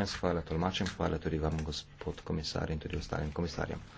Hvala tolmačem, hvala tudi vam, gospod komisar in tudi ostalim komisarjem.